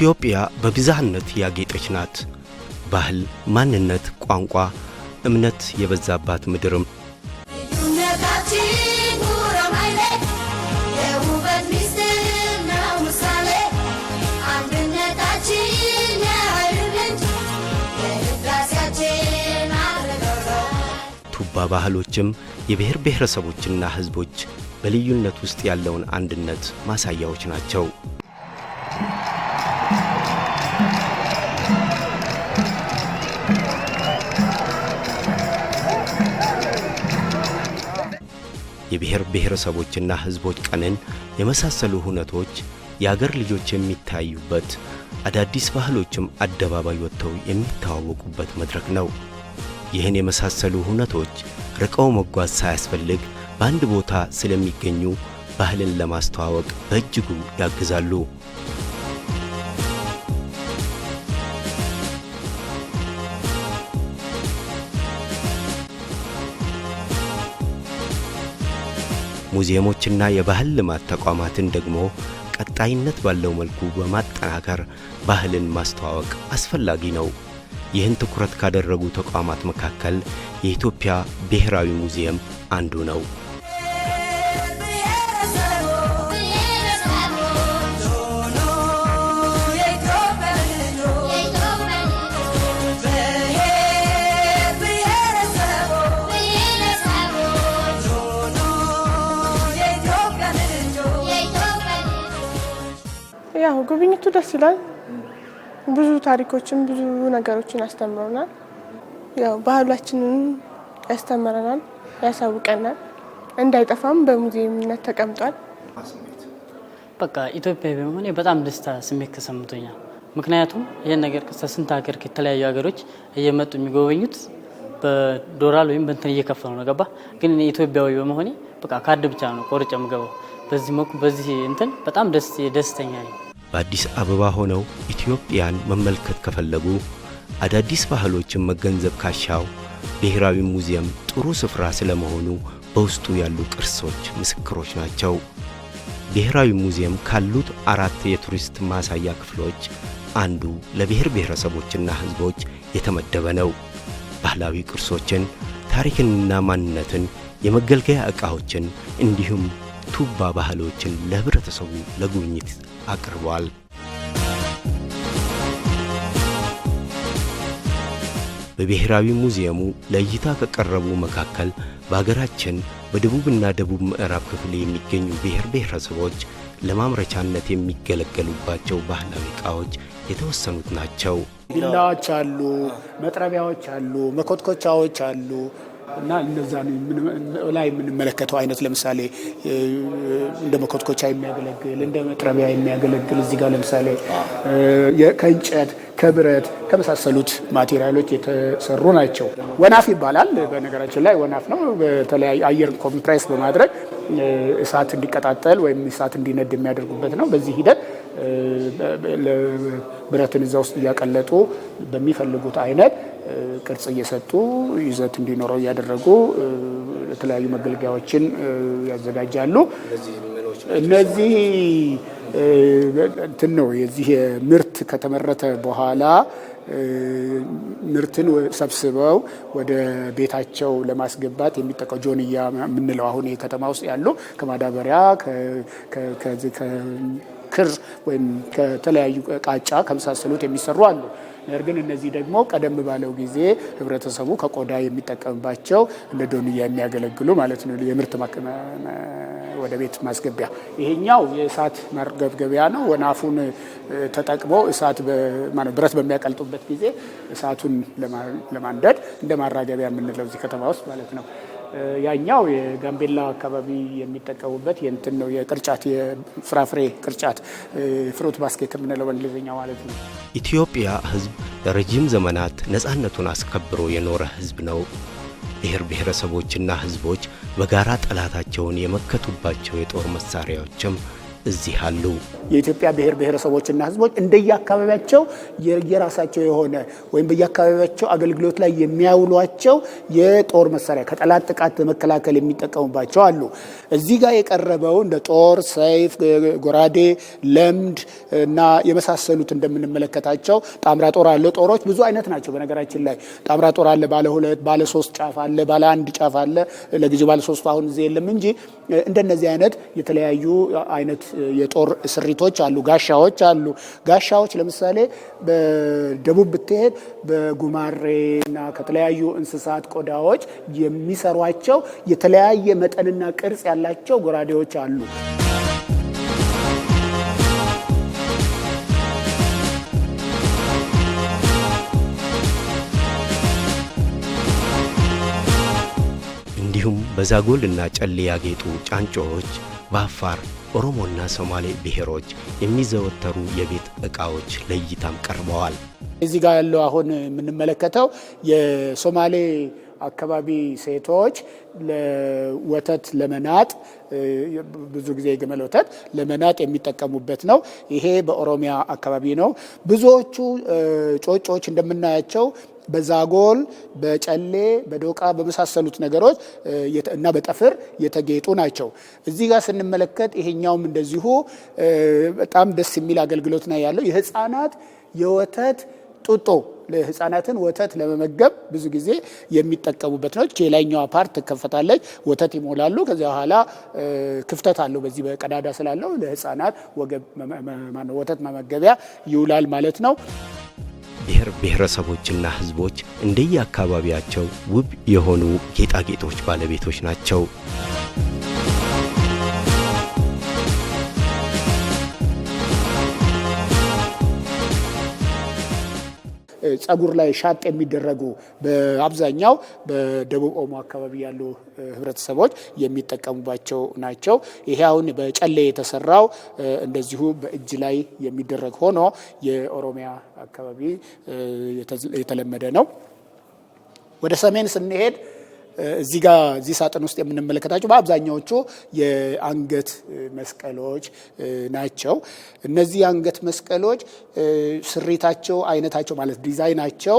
ኢትዮጵያ በብዝሃነት ያጌጠች ናት። ባህል፣ ማንነት፣ ቋንቋ፣ እምነት የበዛባት ምድርም ቱባ ባህሎችም የብሔር ብሔረሰቦችና ሕዝቦች በልዩነት ውስጥ ያለውን አንድነት ማሳያዎች ናቸው። ብሔረሰቦችና ሕዝቦች ቀንን የመሳሰሉ ሁነቶች የአገር ልጆች የሚታዩበት አዳዲስ ባህሎችም አደባባይ ወጥተው የሚተዋወቁበት መድረክ ነው። ይህን የመሳሰሉ ሁነቶች ርቀው መጓዝ ሳያስፈልግ በአንድ ቦታ ስለሚገኙ ባህልን ለማስተዋወቅ በእጅጉ ያግዛሉ። ሙዚየሞችና የባህል ልማት ተቋማትን ደግሞ ቀጣይነት ባለው መልኩ በማጠናከር ባህልን ማስተዋወቅ አስፈላጊ ነው። ይህን ትኩረት ካደረጉ ተቋማት መካከል የኢትዮጵያ ብሔራዊ ሙዚየም አንዱ ነው። ያው ጉብኝቱ ደስ ይላል። ብዙ ታሪኮችን ብዙ ነገሮችን ያስተምሩናል። ያው ባህላችንን ያስተምረናል፣ ያሳውቀናል። እንዳይጠፋም በሙዚየምነት ተቀምጧል። በቃ ኢትዮጵያዊ በመሆኔ በጣም ደስታ ስሜት ተሰምቶኛል። ምክንያቱም ይህን ነገር ከስንት ሀገር ከተለያዩ ሀገሮች እየመጡ የሚጎበኙት በዶላር ወይም በንትን እየከፈሉ ነው። ገባ ግን እኔ ኢትዮጵያዊ በመሆኔ በቃ ካርድ ብቻ ነው ቆርጬ የምገባው። በዚህ በዚህ እንትን በጣም ደስ ደስተኛ ነኝ። በአዲስ አበባ ሆነው ኢትዮጵያን መመልከት ከፈለጉ፣ አዳዲስ ባህሎችን መገንዘብ ካሻው ብሔራዊ ሙዚየም ጥሩ ስፍራ ስለመሆኑ በውስጡ ያሉ ቅርሶች ምስክሮች ናቸው። ብሔራዊ ሙዚየም ካሉት አራት የቱሪስት ማሳያ ክፍሎች አንዱ ለብሔር ብሔረሰቦችና ሕዝቦች የተመደበ ነው። ባህላዊ ቅርሶችን፣ ታሪክንና ማንነትን፣ የመገልገያ ዕቃዎችን እንዲሁም ቱባ ባህሎችን ለህብረተሰቡ ለጉብኝት አቅርቧል። በብሔራዊ ሙዚየሙ ለእይታ ከቀረቡ መካከል በሀገራችን በደቡብና ደቡብ ምዕራብ ክፍል የሚገኙ ብሔር ብሔረሰቦች ለማምረቻነት የሚገለገሉባቸው ባህላዊ ዕቃዎች የተወሰኑት ናቸው። ቢላዎች አሉ፣ መጥረቢያዎች አሉ፣ መኮትኮቻዎች አሉ፣ እና እነዛን ላይ የምንመለከተው አይነት ለምሳሌ እንደ መኮትኮቻ የሚያገለግል እንደ መጥረቢያ የሚያገለግል እዚህ ጋር ለምሳሌ ከእንጨት ከብረት ከመሳሰሉት ማቴሪያሎች የተሰሩ ናቸው። ወናፍ ይባላል። በነገራችን ላይ ወናፍ ነው። በተለያዩ አየር ኮምፕሬስ በማድረግ እሳት እንዲቀጣጠል ወይም እሳት እንዲነድ የሚያደርጉበት ነው። በዚህ ሂደት ብረትን እዛ ውስጥ እያቀለጡ በሚፈልጉት አይነት ቅርጽ እየሰጡ ይዘት እንዲኖረው እያደረጉ የተለያዩ መገልገያዎችን ያዘጋጃሉ። እነዚህ እንትን ነው የዚህ ምርት ከተመረተ በኋላ ምርትን ሰብስበው ወደ ቤታቸው ለማስገባት የሚጠቀው ጆንያ የምንለው አሁን ከተማ ውስጥ ያሉ ከማዳበሪያ ክር ወይም ከተለያዩ ቃጫ ከመሳሰሉት የሚሰሩ አሉ። ነገር ግን እነዚህ ደግሞ ቀደም ባለው ጊዜ ህብረተሰቡ ከቆዳ የሚጠቀምባቸው እንደ ዶንያ የሚያገለግሉ ማለት ነው የምርት ወደ ቤት ማስገቢያ። ይሄኛው የእሳት ማርገብገቢያ ነው። ወናፉን ተጠቅሞ እሳት ብረት በሚያቀልጡበት ጊዜ እሳቱን ለማንደድ እንደ ማራገቢያ የምንለው እዚህ ከተማ ውስጥ ማለት ነው። ያኛው የጋምቤላ አካባቢ የሚጠቀሙበት የእንትን ነው የቅርጫት የፍራፍሬ ቅርጫት ፍሩት ባስኬት የምንለው በእንግሊዝኛ ማለት ነው። ኢትዮጵያ ሕዝብ ለረጅም ዘመናት ነፃነቱን አስከብሮ የኖረ ሕዝብ ነው። ብሔር ብሔረሰቦችና ሕዝቦች በጋራ ጠላታቸውን የመከቱባቸው የጦር መሳሪያዎችም እዚህ አሉ። የኢትዮጵያ ብሔር ብሔረሰቦችና ሕዝቦች እንደየአካባቢያቸው የራሳቸው የሆነ ወይም በየአካባቢያቸው አገልግሎት ላይ የሚያውሏቸው የጦር መሳሪያ ከጠላት ጥቃት በመከላከል የሚጠቀሙባቸው አሉ። እዚህ ጋር የቀረበው እንደ ጦር፣ ሰይፍ፣ ጎራዴ፣ ለምድ እና የመሳሰሉት እንደምንመለከታቸው ጣምራ ጦር አለ። ጦሮች ብዙ አይነት ናቸው። በነገራችን ላይ ጣምራ ጦር አለ፣ ባለ ሁለት ባለ ሶስት ጫፍ አለ፣ ባለ አንድ ጫፍ አለ። ለጊዜው ባለ ሶስቱ አሁን እዚህ የለም እንጂ እንደነዚህ አይነት የተለያዩ አይነት የጦር ስሪቶች አሉ፣ ጋሻዎች አሉ። ጋሻዎች ለምሳሌ በደቡብ ብትሄድ በጉማሬና ከተለያዩ እንስሳት ቆዳዎች የሚሰሯቸው የተለያየ መጠንና ቅርጽ ያላቸው ጎራዴዎች አሉ። እንዲሁም በዛጎል እና ጨሌ ያጌጡ ጫንጮዎች በአፋር ኦሮሞና ሶማሌ ብሔሮች የሚዘወተሩ የቤት እቃዎች ለእይታም ቀርበዋል። እዚህ ጋር ያለው አሁን የምንመለከተው የሶማሌ አካባቢ ሴቶች ለወተት ለመናጥ ብዙ ጊዜ የግመል ወተት ለመናጥ የሚጠቀሙበት ነው። ይሄ በኦሮሚያ አካባቢ ነው። ብዙዎቹ ጮጮዎች እንደምናያቸው በዛጎል በጨሌ በዶቃ በመሳሰሉት ነገሮች እና በጠፍር የተጌጡ ናቸው። እዚህ ጋር ስንመለከት ይሄኛውም እንደዚሁ በጣም ደስ የሚል አገልግሎት ነው ያለው የህፃናት የወተት ጡጦ ህፃናትን ወተት ለመመገብ ብዙ ጊዜ የሚጠቀሙበት ነው። የላይኛዋ ፓርት ትከፈታለች፣ ወተት ይሞላሉ። ከዚያ በኋላ ክፍተት አለው በዚህ በቀዳዳ ስላለው ለህፃናት ወተት መመገቢያ ይውላል ማለት ነው። ብሔር ብሔረሰቦችና ሕዝቦች እንደየአካባቢያቸው ውብ የሆኑ ጌጣጌጦች ባለቤቶች ናቸው። ጸጉር ላይ ሻጥ የሚደረጉ በአብዛኛው በደቡብ ኦሞ አካባቢ ያሉ ህብረተሰቦች የሚጠቀሙባቸው ናቸው። ይሄ አሁን በጨሌ የተሰራው እንደዚሁ በእጅ ላይ የሚደረግ ሆኖ የኦሮሚያ አካባቢ የተለመደ ነው። ወደ ሰሜን ስንሄድ እዚህ ጋር እዚህ ሳጥን ውስጥ የምንመለከታቸው በአብዛኛዎቹ የአንገት መስቀሎች ናቸው። እነዚህ የአንገት መስቀሎች ስሪታቸው፣ አይነታቸው ማለት ዲዛይናቸው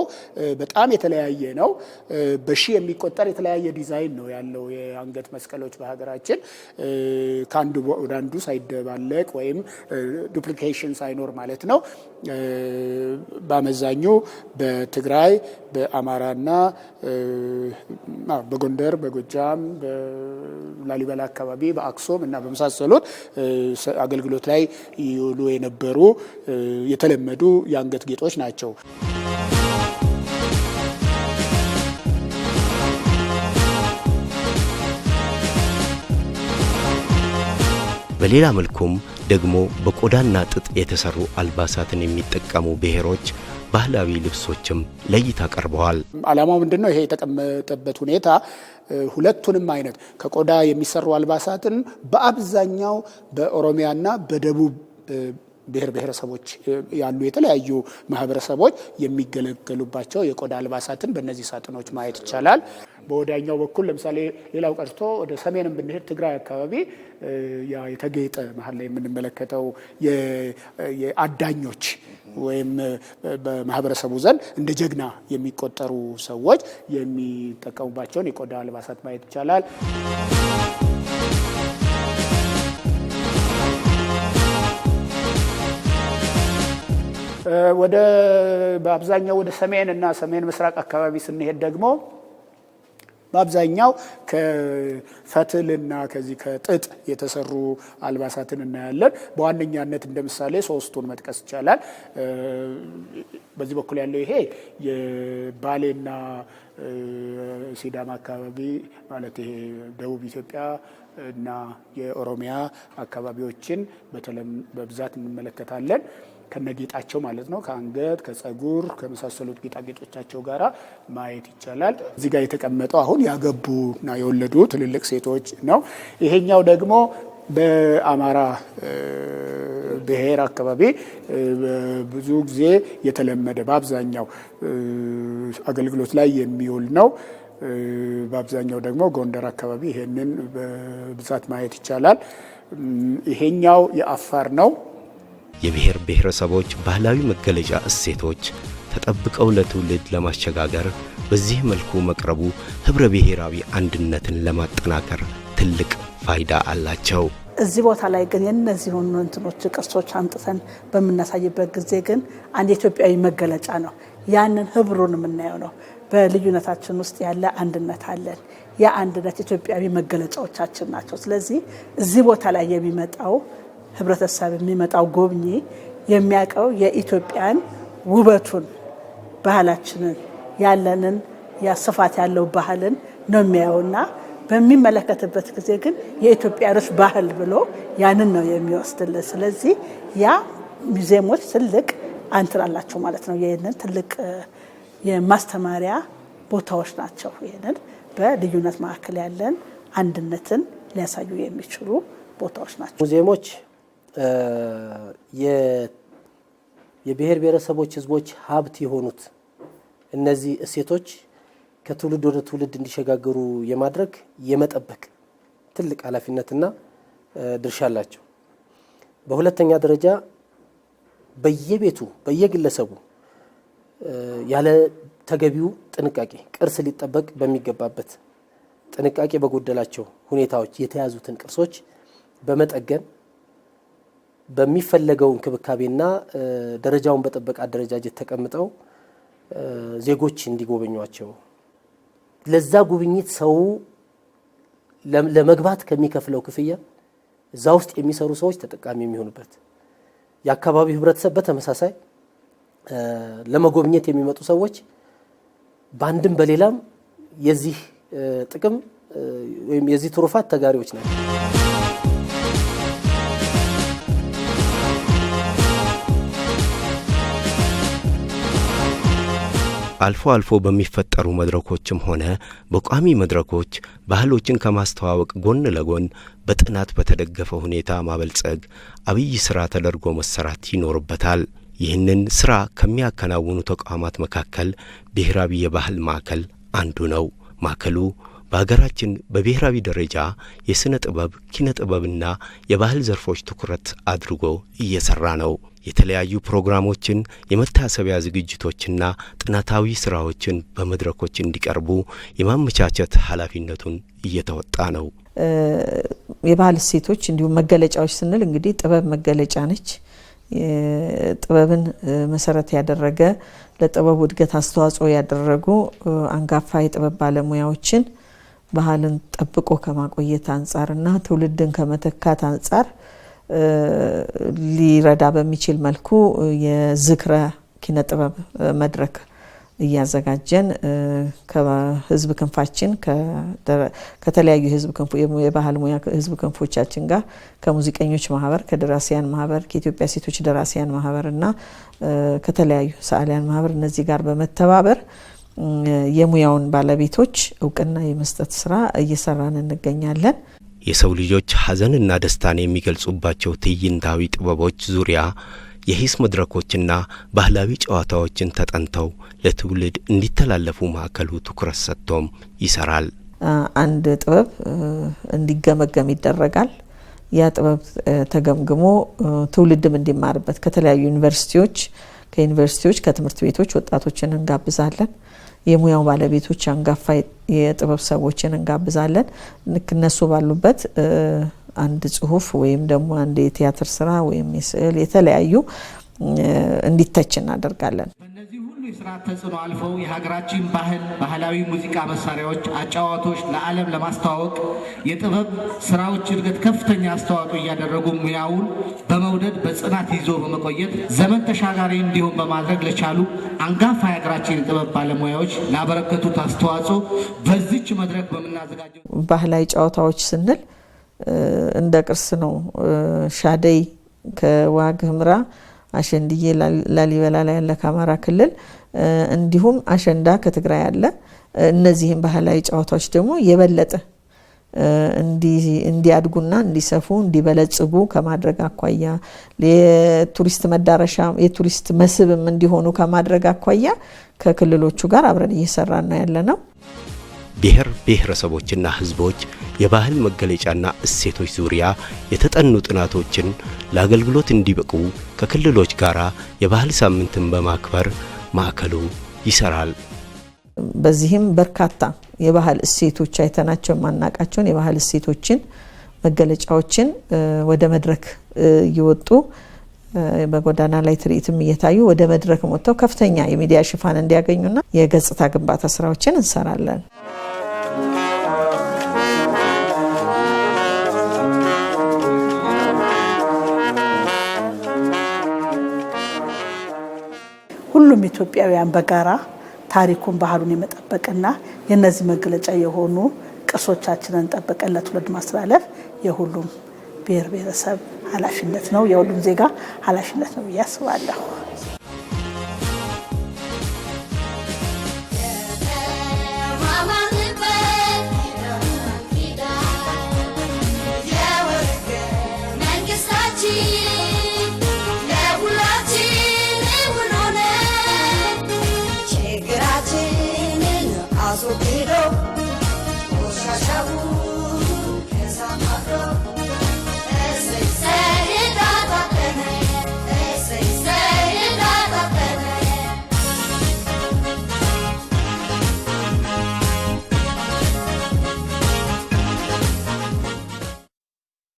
በጣም የተለያየ ነው። በሺህ የሚቆጠር የተለያየ ዲዛይን ነው ያለው የአንገት መስቀሎች በሀገራችን ከአንዱ ወደ አንዱ ሳይደባለቅ ወይም ዱፕሊኬሽን ሳይኖር ማለት ነው። በአመዛኙ በትግራይ በአማራና በጎንደር፣ በጎጃም፣ በላሊበላ አካባቢ፣ በአክሱም እና በመሳሰሉት አገልግሎት ላይ ይውሉ የነበሩ የተለመዱ የአንገት ጌጦች ናቸው። በሌላ መልኩም ደግሞ በቆዳና ጥጥ የተሰሩ አልባሳትን የሚጠቀሙ ብሔሮች ባህላዊ ልብሶችም ለእይታ ቀርበዋል። ዓላማው ምንድን ነው? ይሄ የተቀመጠበት ሁኔታ ሁለቱንም አይነት ከቆዳ የሚሰሩ አልባሳትን በአብዛኛው በኦሮሚያና በደቡብ ብሔር ብሔረሰቦች ያሉ የተለያዩ ማህበረሰቦች የሚገለገሉባቸው የቆዳ አልባሳትን በእነዚህ ሳጥኖች ማየት ይቻላል። በወዳኛው በኩል ለምሳሌ ሌላው ቀርቶ ወደ ሰሜንም ብንሄድ ትግራይ አካባቢ የተጌጠ መሀል ላይ የምንመለከተው የአዳኞች ወይም በማህበረሰቡ ዘንድ እንደ ጀግና የሚቆጠሩ ሰዎች የሚጠቀሙባቸውን የቆዳ አልባሳት ማየት ይቻላል። ወደ በአብዛኛው ወደ ሰሜን እና ሰሜን ምስራቅ አካባቢ ስንሄድ ደግሞ በአብዛኛው ከፈትልና ከዚህ ከጥጥ የተሰሩ አልባሳትን እናያለን። በዋነኛነት እንደ ምሳሌ ሶስቱን መጥቀስ ይቻላል። በዚህ በኩል ያለው ይሄ የባሌና ሲዳማ አካባቢ ማለት ይሄ ደቡብ ኢትዮጵያ እና የኦሮሚያ አካባቢዎችን በብዛት እንመለከታለን። ከነጌጣቸው ማለት ነው ከአንገት ከጸጉር ከመሳሰሉት ጌጣጌጦቻቸው ጋር ማየት ይቻላል። እዚህ ጋር የተቀመጠው አሁን ያገቡና የወለዱ ትልልቅ ሴቶች ነው። ይሄኛው ደግሞ በአማራ ብሔር አካባቢ ብዙ ጊዜ የተለመደ በአብዛኛው አገልግሎት ላይ የሚውል ነው። በአብዛኛው ደግሞ ጎንደር አካባቢ ይሄንን በብዛት ማየት ይቻላል። ይሄኛው የአፋር ነው። የብሔር ብሔረሰቦች ባህላዊ መገለጫ እሴቶች ተጠብቀው ለትውልድ ለማሸጋገር በዚህ መልኩ መቅረቡ ህብረ ብሔራዊ አንድነትን ለማጠናከር ትልቅ ፋይዳ አላቸው። እዚህ ቦታ ላይ ግን የእነዚሁን እንትኖች ቅርሶች አምጥተን በምናሳይበት ጊዜ ግን አንድ የኢትዮጵያዊ መገለጫ ነው። ያንን ህብሩን የምናየው ነው። በልዩነታችን ውስጥ ያለ አንድነት አለን። ያ አንድነት ኢትዮጵያዊ መገለጫዎቻችን ናቸው። ስለዚህ እዚህ ቦታ ላይ የሚመጣው ህብረተሰብ የሚመጣው ጎብኚ የሚያውቀው የኢትዮጵያን ውበቱን፣ ባህላችንን፣ ያለንን ስፋት ያለው ባህልን ነው የሚያየውና በሚመለከትበት ጊዜ ግን የኢትዮጵያ ርስ ባህል ብሎ ያንን ነው የሚወስድልን። ስለዚህ ያ ሙዚየሞች ትልቅ አንትን አላቸው ማለት ነው። ይህንን ትልቅ የማስተማሪያ ቦታዎች ናቸው። ይህንን በልዩነት መካከል ያለን አንድነትን ሊያሳዩ የሚችሉ ቦታዎች ናቸው ሙዚየሞች። የብሔር ብሔረሰቦች ህዝቦች ሀብት የሆኑት እነዚህ እሴቶች ከትውልድ ወደ ትውልድ እንዲሸጋገሩ የማድረግ የመጠበቅ ትልቅ ኃላፊነትና ድርሻ አላቸው። በሁለተኛ ደረጃ በየቤቱ በየግለሰቡ ያለ ተገቢው ጥንቃቄ ቅርስ ሊጠበቅ በሚገባበት ጥንቃቄ በጎደላቸው ሁኔታዎች የተያዙትን ቅርሶች በመጠገን በሚፈለገው እንክብካቤና ደረጃውን በጠበቀ አደረጃጀት ተቀምጠው ዜጎች እንዲጎበኟቸው ለዛ ጉብኝት ሰው ለመግባት ከሚከፍለው ክፍያ እዛ ውስጥ የሚሰሩ ሰዎች ተጠቃሚ የሚሆኑበት የአካባቢው ህብረተሰብ በተመሳሳይ ለመጎብኘት የሚመጡ ሰዎች በአንድም በሌላም የዚህ ጥቅም ወይም የዚህ ትሩፋት ተጋሪዎች ናቸው። አልፎ አልፎ በሚፈጠሩ መድረኮችም ሆነ በቋሚ መድረኮች ባህሎችን ከማስተዋወቅ ጎን ለጎን በጥናት በተደገፈ ሁኔታ ማበልጸግ አብይ ስራ ተደርጎ መሰራት ይኖርበታል። ይህንን ስራ ከሚያከናውኑ ተቋማት መካከል ብሔራዊ የባህል ማዕከል አንዱ ነው። ማዕከሉ በሀገራችን በብሔራዊ ደረጃ የሥነ ጥበብ ኪነ ጥበብና የባህል ዘርፎች ትኩረት አድርጎ እየሠራ ነው። የተለያዩ ፕሮግራሞችን፣ የመታሰቢያ ዝግጅቶችና ጥናታዊ ስራዎችን በመድረኮች እንዲቀርቡ የማመቻቸት ኃላፊነቱን እየተወጣ ነው። የባህል እሴቶች እንዲሁም መገለጫዎች ስንል እንግዲህ ጥበብ መገለጫ ነች። ጥበብን መሰረት ያደረገ ለጥበቡ እድገት አስተዋጽኦ ያደረጉ አንጋፋ የጥበብ ባለሙያዎችን ባህልን ጠብቆ ከማቆየት አንጻርና ትውልድን ከመተካት አንጻር ሊረዳ በሚችል መልኩ የዝክረ ኪነ ጥበብ መድረክ እያዘጋጀን ከህዝብ ክንፋችን ከተለያዩ የባህል ሙያ ህዝብ ክንፎቻችን ጋር ከሙዚቀኞች ማህበር፣ ከደራሲያን ማህበር፣ ከኢትዮጵያ ሴቶች ደራሲያን ማህበር እና ከተለያዩ ሰዓሊያን ማህበር እነዚህ ጋር በመተባበር የሙያውን ባለቤቶች እውቅና የመስጠት ስራ እየሰራን እንገኛለን። የሰው ልጆች ሐዘንና ደስታን የሚገልጹባቸው ትዕይንታዊ ጥበቦች ዙሪያ የሂስ መድረኮችና ባህላዊ ጨዋታዎችን ተጠንተው ለትውልድ እንዲተላለፉ ማዕከሉ ትኩረት ሰጥቶም ይሰራል። አንድ ጥበብ እንዲገመገም ይደረጋል። ያ ጥበብ ተገምግሞ ትውልድም እንዲማርበት ከተለያዩ ዩኒቨርሲቲዎች ከዩኒቨርሲቲዎች ከትምህርት ቤቶች ወጣቶችን እንጋብዛለን። የሙያው ባለቤቶች አንጋፋ የጥበብ ሰዎችን እንጋብዛለን። ልክ እነሱ ባሉበት አንድ ጽሁፍ ወይም ደግሞ አንድ የቲያትር ስራ ወይም የስዕል የተለያዩ እንዲተች እናደርጋለን። ከኢኮኖሚ ስርዓት ተጽዕኖ አልፈው የሀገራችን ባህል፣ ባህላዊ ሙዚቃ መሳሪያዎች፣ አጫዋቶች ለዓለም ለማስተዋወቅ የጥበብ ስራዎች እድገት ከፍተኛ አስተዋጽኦ እያደረጉ ሙያውን በመውደድ በጽናት ይዞ በመቆየት ዘመን ተሻጋሪ እንዲሆን በማድረግ ለቻሉ አንጋፋ የሀገራችን የጥበብ ባለሙያዎች ላበረከቱት አስተዋጽኦ በዚች መድረክ በምናዘጋጀው ባህላዊ ጨዋታዎች ስንል እንደ ቅርስ ነው። ሻደይ ከዋግ ህምራ አሸንድዬ ላሊበላ ላይ ያለ ከአማራ ክልል እንዲሁም አሸንዳ ከትግራይ አለ። እነዚህም ባህላዊ ጨዋታዎች ደግሞ የበለጠ እንዲያድጉና እንዲሰፉ እንዲበለጽጉ ከማድረግ አኳያ የቱሪስት መዳረሻ የቱሪስት መስህብም እንዲሆኑ ከማድረግ አኳያ ከክልሎቹ ጋር አብረን እየሰራን ነው ያለ ነው። ብሔር ብሔረሰቦችና ሕዝቦች የባህል መገለጫና እሴቶች ዙሪያ የተጠኑ ጥናቶችን ለአገልግሎት እንዲበቁ ከክልሎች ጋር የባህል ሳምንትን በማክበር ማዕከሉ ይሰራል። በዚህም በርካታ የባህል እሴቶች አይተናቸው የማናቃቸውን የባህል እሴቶችን መገለጫዎችን ወደ መድረክ እየወጡ በጎዳና ላይ ትርኢትም እየታዩ ወደ መድረክ ወጥተው ከፍተኛ የሚዲያ ሽፋን እንዲያገኙና የገጽታ ግንባታ ስራዎችን እንሰራለን። ኢትዮጵያውያን በጋራ ታሪኩን ባህሉን የመጠበቅና የነዚህ መገለጫ የሆኑ ቅርሶቻችንን ጠብቀን ለትውልድ ማስተላለፍ የሁሉም ብሔር ብሔረሰብ ኃላፊነት ነው፣ የሁሉም ዜጋ ኃላፊነት ነው ብዬ አስባለሁ።